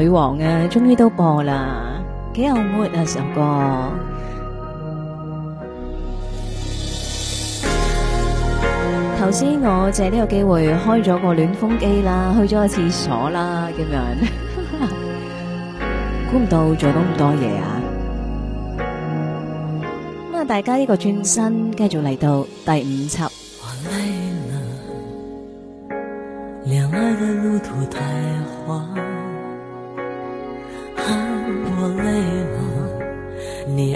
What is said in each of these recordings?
女王啊，終於都播啦，幾有 mood 啊首歌。頭先我借呢個機會開咗個暖風機啦，去咗個廁所啦，咁樣。估 唔到做到咁多嘢啊！咁啊，大家呢個轉身繼續嚟到第五輯。我來了兩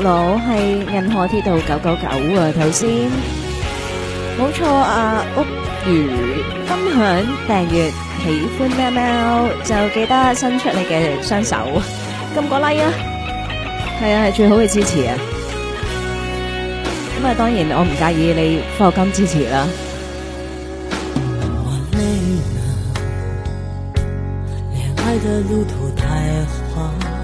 六係銀河鐵道九九九啊！頭先冇錯啊！屋如分享、訂閱、喜歡喵喵，就記得伸出你嘅雙手，撳個 like 啊！係啊，係最好嘅支持啊！咁啊，當然我唔介意你課金支持啦。我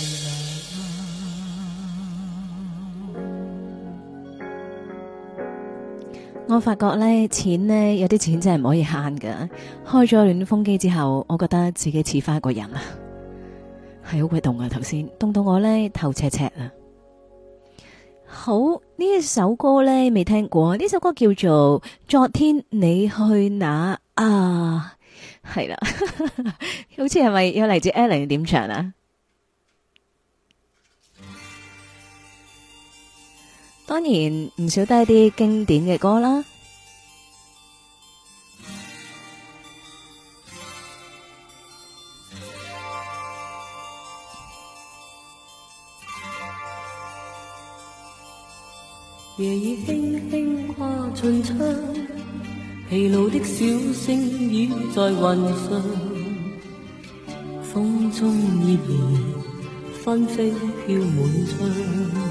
我發覺咧，錢咧有啲錢真係唔可以慳噶。開咗暖風機之後，我覺得自己似翻一個人、 哎、啊，係好鬼凍啊！頭先凍到我咧頭赤赤啊。好，呢首歌咧未聽過？呢首歌叫做《昨天你去哪》啊，係啦， 好似係咪有嚟自 Alan 點唱啊？當然，唔少得一啲經典嘅歌啦。夜已輕輕跨盡窗，疲勞的小星倚在雲上，風中葉兒紛飛飄滿窗。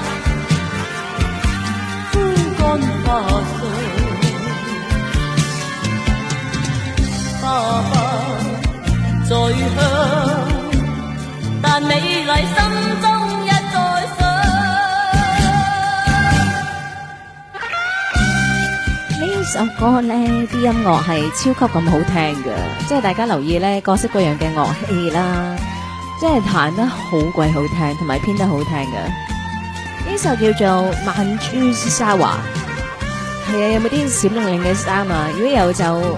再但你來心中一再想。呢首歌呢啲音樂係超級咁好聽嘅，即係大家留意呢各式各樣嘅樂器啦，即係彈得好鬼好聽，同埋編得好聽嘅。呢首叫做《曼珠沙華》，係啊，有冇啲閃亮亮嘅衫嘛？如果有就。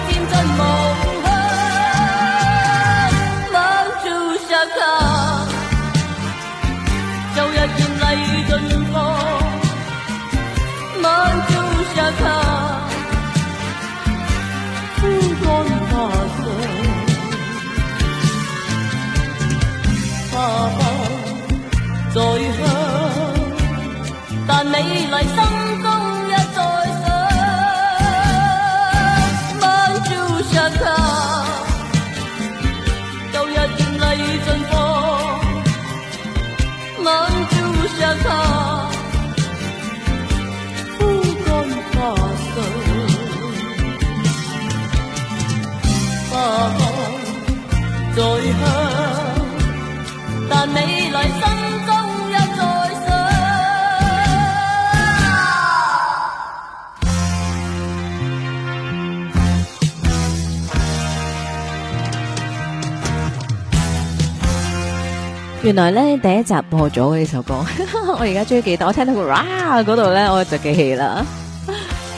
原來呢第一集播咗呢首歌，呵呵，我而家仲記得，我聽到「哇！」嗰度呢，我就記起啦，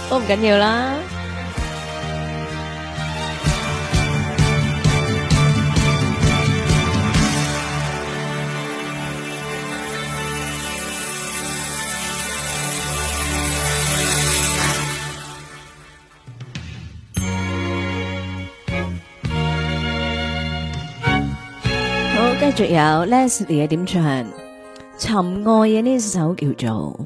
都唔緊要啦。仲有 Leslie 嘅點唱《尋愛》嘅呢首叫做，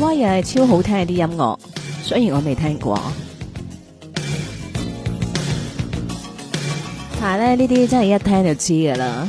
哇！又係超好聽啲音樂，雖然我未聽過，但係咧呢啲真係一聽就知噶啦。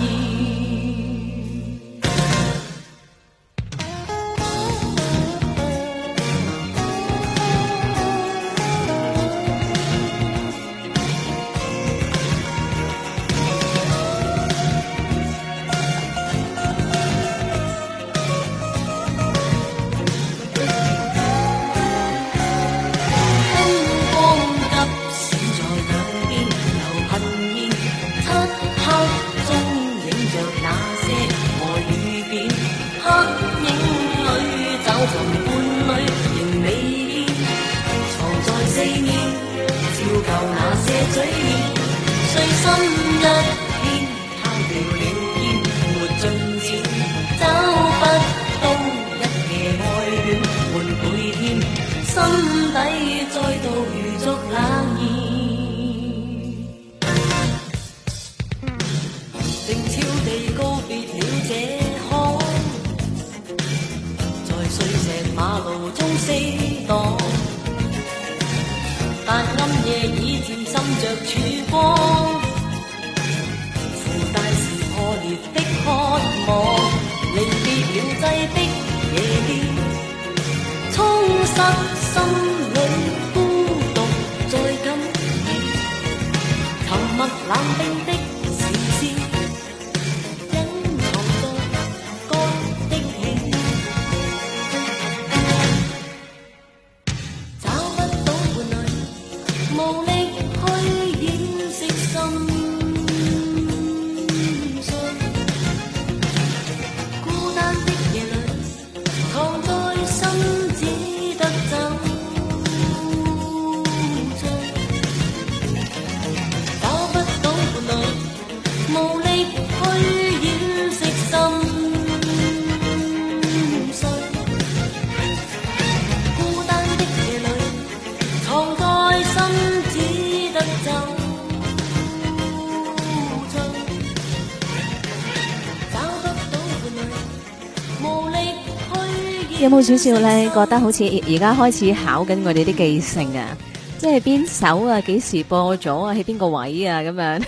少少咧，覺得好似而家開始考緊我哋啲記性啊！即係邊首啊，幾時播咗啊，喺邊個位啊咁樣，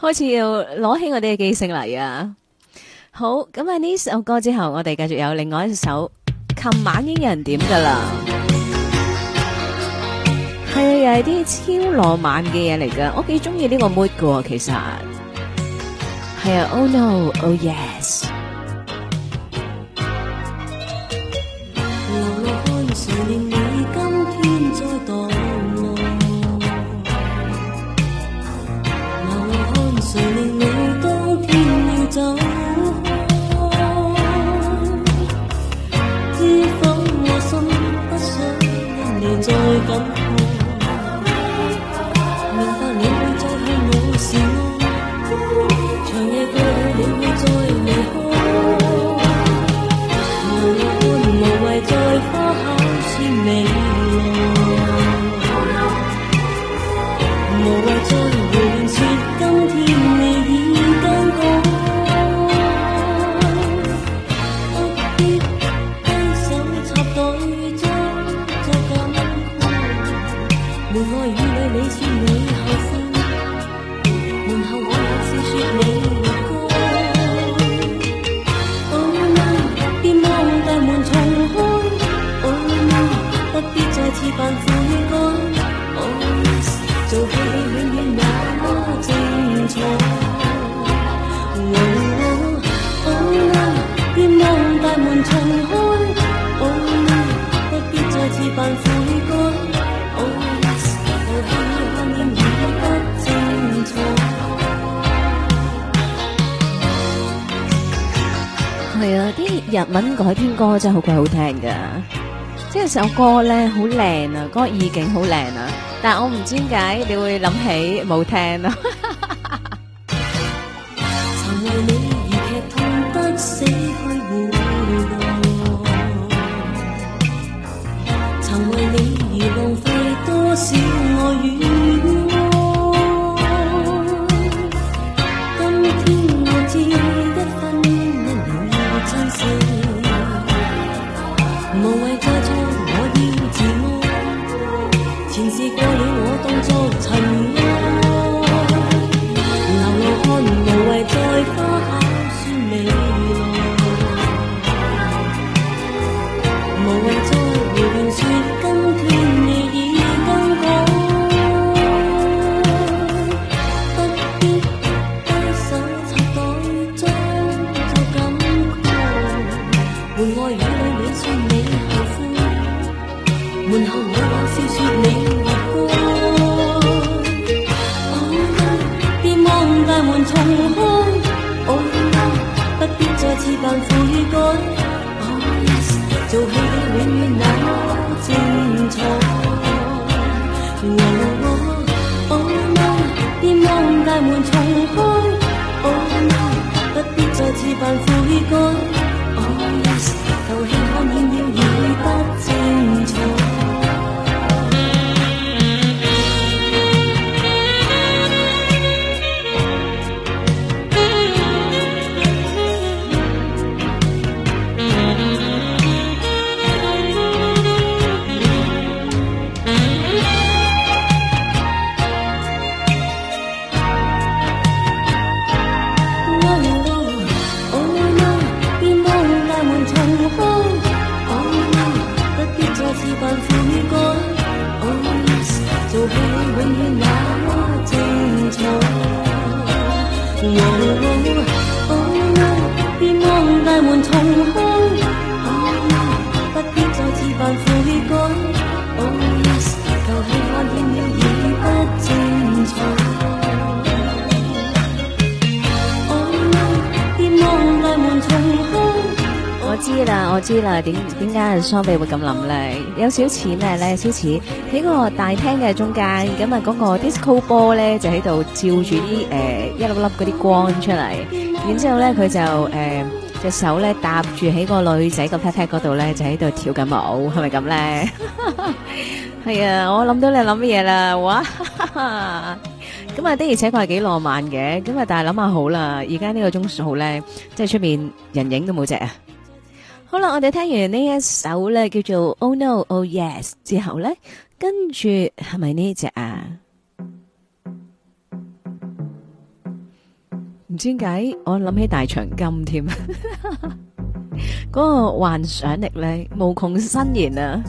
開始要攞起我哋嘅記性嚟啊！好，咁啊，呢首歌之後，我哋繼續有另外一首《琴晚已經有人點》噶啦，係啊，又係啲超浪漫嘅嘢嚟噶，我幾中意呢個 mood 噶，其實係啊，Oh no, Oh yes。係啊，啲日文改編歌真係好鬼好聽噶，即係首歌咧好靚啊，嗰個意境好靚啊，但係我唔知點解你會諗起冇聽啊。雙臂會咁諗咧，有少少似咩咧？少少喺個大廳嘅中間，咁啊嗰個 disco 波咧就喺度照住啲誒一粒粒嗰啲光出嚟，然之後咧佢就誒隻手咧搭住喺個女仔個 pat pat 嗰度咧就喺度跳緊舞，係咪咁咧？係啊，我諗到你諗乜嘢啦？哇！咁啊的而且確係幾浪漫嘅，咁啊但係諗下好啦，而家呢個鐘數咧，即係出面人影都冇隻啊！好啦，我哋聽完呢一首咧叫做《Oh No Oh Yes》之後咧，跟住係咪呢隻啊？唔知點解，我諗起大長今添，嗰個幻想力咧無窮新言啊！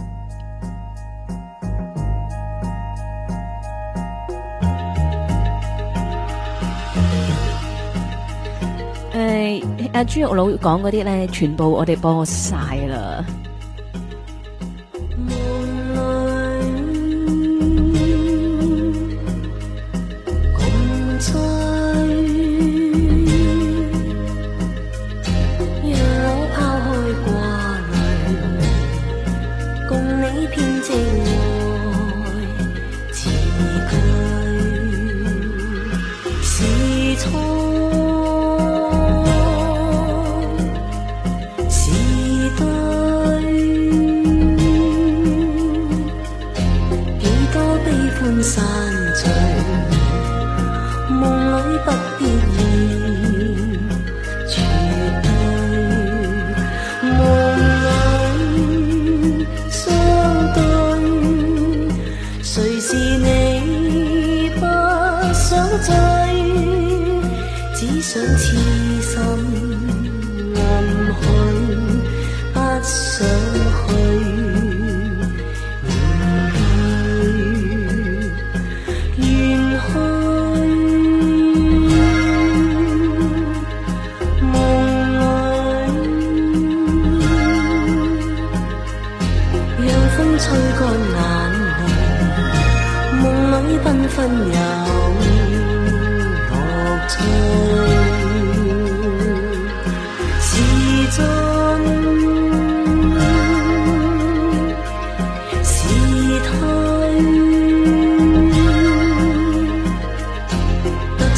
誒、哎，阿、啊、豬肉佬講嗰啲咧，全部我哋幫我晒啦。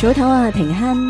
早唞啊，平坑。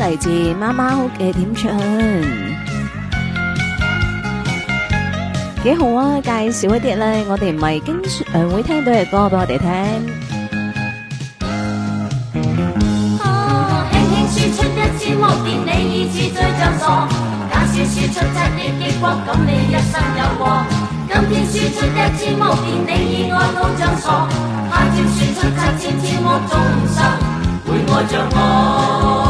來自媽媽屋嘅點唱，幾好啊！介紹一啲咧，我哋唔係經常、呃、會聽到嘅歌，俾我哋聽。啊，輕輕說出的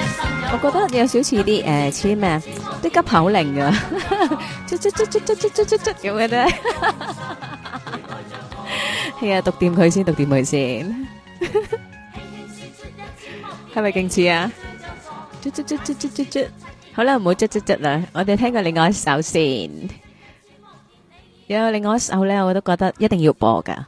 我覺得有少似啲誒，似咩啊？啲急口令嘅，捽捽捽捽捽捽捽捽捽咁嘅啫。係啊，讀掂佢先，讀掂佢先。係咪勁似啊？捽捽捽捽捽捽捽，好啦，唔好捽捽捽啦。我哋聽過另外一首先。有另外一首咧，我都覺得一定要播噶。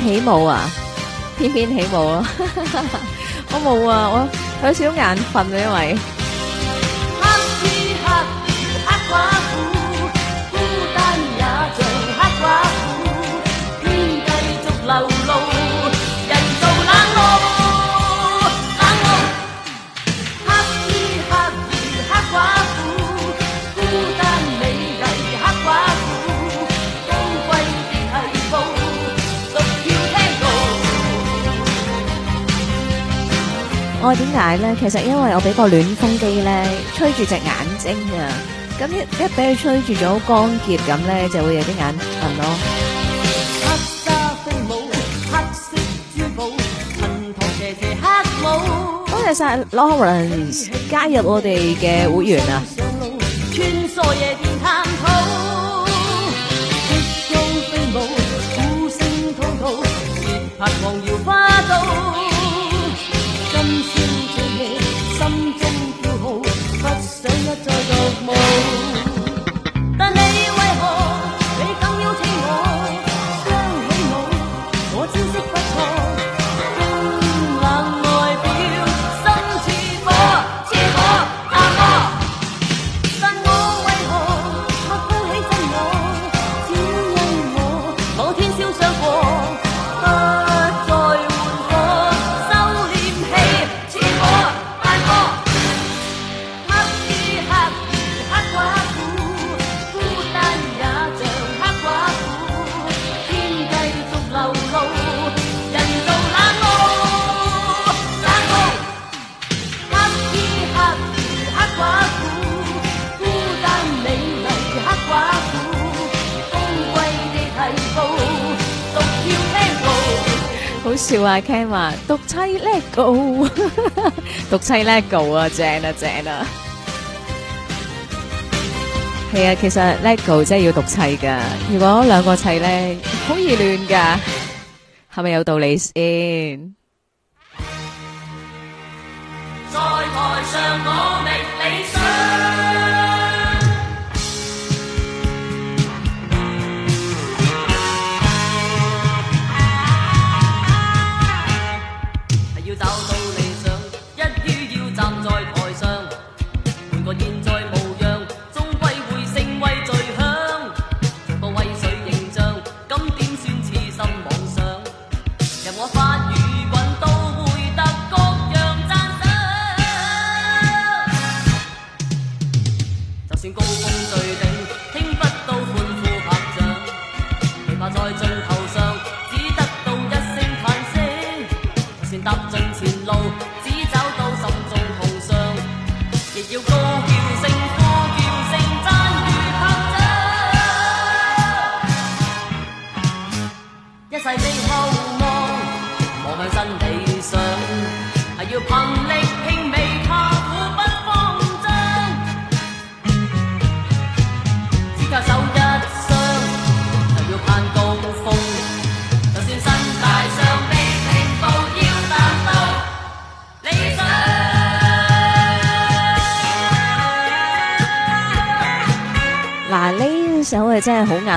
起舞啊，翩翩起舞啊！ 我冇啊，我有少少眼瞓啊，因為。我點解咧？其實因為我俾個暖風機咧吹住隻眼睛啊，咁一一俾佢吹住咗，乾澀咁咧，就會有啲眼瞓咯。黑色黑色珠寶黑。多謝晒 Lawrence 加入我哋嘅會員啊！聽話獨砌叻高，獨砌叻高啊，正啊，正啊，係 啊，其實叻高真係要獨砌噶，如果兩個砌咧，好易亂噶，係咪有道理先？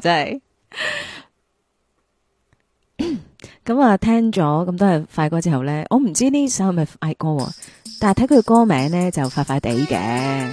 真係咁啊，聽咗咁多日快歌之後咧，我唔知呢首係咪快歌，但係睇佢歌名咧就快快地嘅。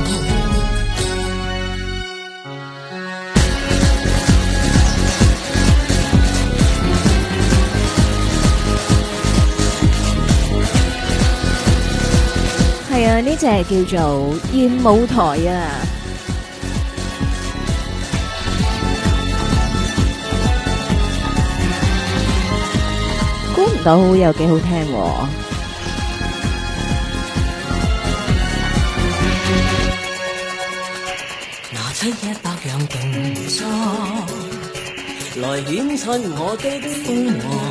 呢隻叫做燕舞台啊，估唔到有幾好聽喎！拿出一百樣動作來演出我的瘋狂。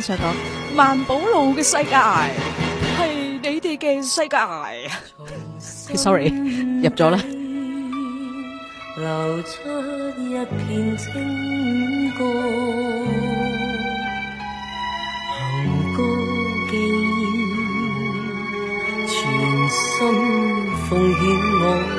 上到萬寶路嘅世界，係你哋嘅世界。sorry，入咗啦。流出一片清歌，全心奉獻我。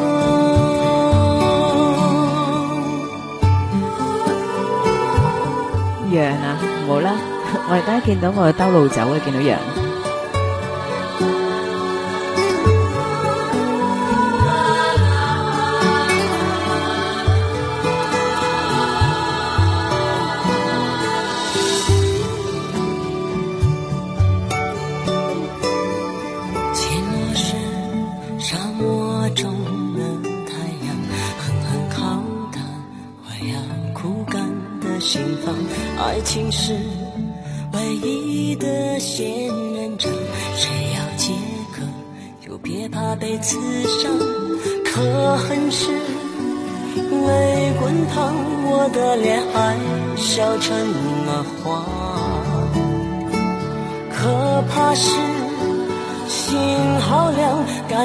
羊啊，冇啦，我 而家見到我兜路走啊，見到羊。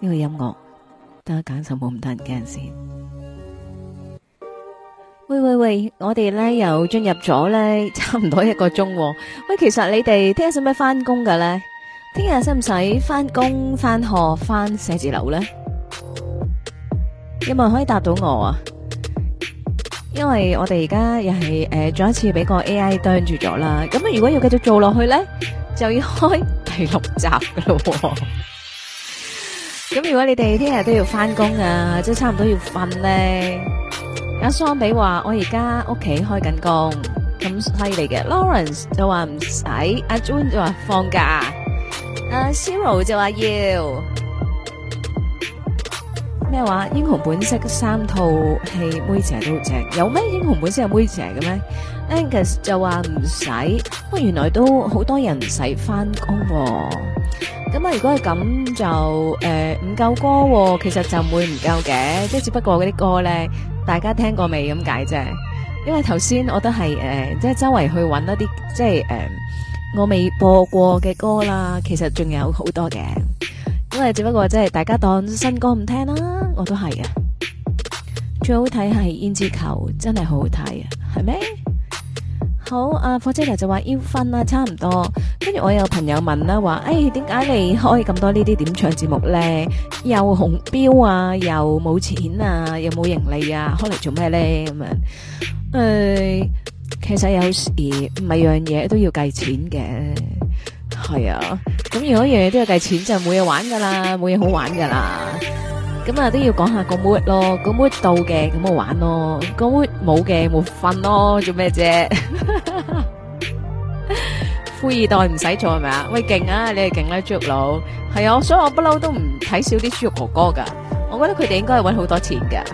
呢個音樂，等下揀首冇咁得人驚先。喂喂喂，我哋咧又進入咗咧差唔多一個鐘。喂，其實你哋聽日使唔使翻工噶咧？聽日使唔使翻工翻學翻寫字樓咧？有冇人可以答到我啊？因為我哋而家又係誒再一次俾個 A I 盯住咗啦。咁啊，如果要繼續做落去咧，就要開第六集噶咯。咁如果你哋聽日都要翻工啊，即係差唔多要瞓咧。阿桑比話我而家屋企開緊工，咁犀利嘅。Lawrence 就話唔使，阿 June 就話放假，阿 Cyril 就話要。咩話？英雄本色三套戲，梅姐都好正。有咩英雄本色係梅姐嘅咩？Angus 就話唔使。哇！原來都好多人唔使翻工，咁啊如果係咁就誒唔夠歌，哦，其實就唔會唔夠嘅，即係只不過嗰啲歌咧，大家聽過未咁解啫。因為頭先我都係誒、呃，即係周圍去搵一啲即係誒我未播過嘅歌啦，其實仲有好多嘅，因為只不過即係大家當新歌唔聽啦，我都係啊。最好睇係《胭脂扣》，真係好好睇啊，係咪？好，啊火車頭就話要瞓啦差唔多。跟住，我有朋友問啦，話誒，點、哎、解你開咁多呢啲點唱節目咧？又紅標啊，又冇錢啊，又冇盈利啊，開嚟做咩咧？咁樣誒、呃，其實有時唔係樣嘢都要計錢嘅，係啊。咁如果樣嘢都要計錢，就冇嘢玩噶啦，冇嘢好玩噶啦。咁啊都要講下個 move 咯，個 move 到嘅咁我玩咯，個 move 冇嘅冇瞓咯，做咩啫？富二代唔使做係咪啊？喂，勁啊！你係勁咧，豬肉佬係啊，所以我不嬲都唔睇少啲豬肉哥哥噶，我覺得佢哋應該係搵好多錢噶。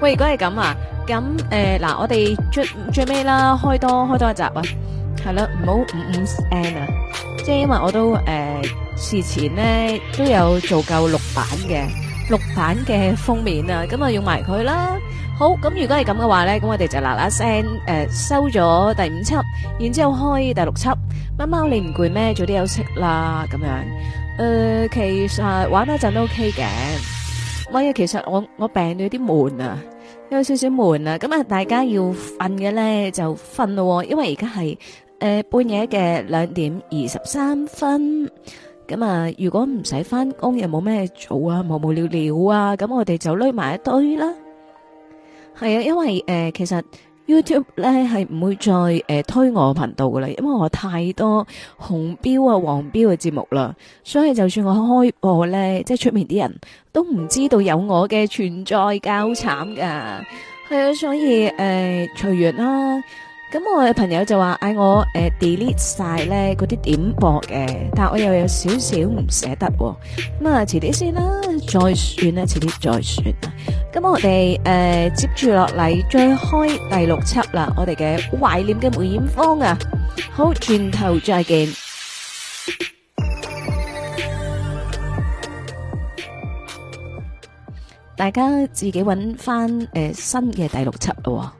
喂，如果係咁啊，咁誒嗱，我哋最最尾啦，開多開多一集啊，係啦，唔好五五 n 啊，即係因為我都誒。事前咧都有做夠六版嘅六版嘅封面啊，咁啊用埋佢啦。好，咁，如果係咁嘅話咧，咁我哋就嗱嗱聲誒收咗第五輯，然之後開第六輯。貓貓你唔攰咩？早啲休息啦，咁樣誒。其實玩一陣都 OK 嘅。我其實我我病咗啲悶啊，有少少悶啊。咁啊，大家要瞓嘅咧就瞓咯，因為而家係誒半夜嘅兩點二十三分。咁啊，如果唔使翻工又冇咩做啊，無無聊聊啊，咁我哋就匿埋一堆啦。係啊，因為誒，其實 YouTube 咧係唔會再誒推我頻道噶啦，因為我太多紅標啊、黃標嘅節目啦，所以就算我開播咧，即係出面啲人都唔知道有我嘅存在，夠慘噶。係啊，所以誒，隨緣啦。咁我嘅朋友就話嗌我誒 delete 晒咧嗰啲點播嘅，但我又有少少唔捨得、哦，咁啊遲啲先啦，再算啦，遲啲再算。咁我哋誒、呃、接住落嚟再開第六輯啦，我哋嘅懷念嘅梅艷芳啊，好，轉頭再見，大家自己揾翻誒新嘅第六輯咯、哦。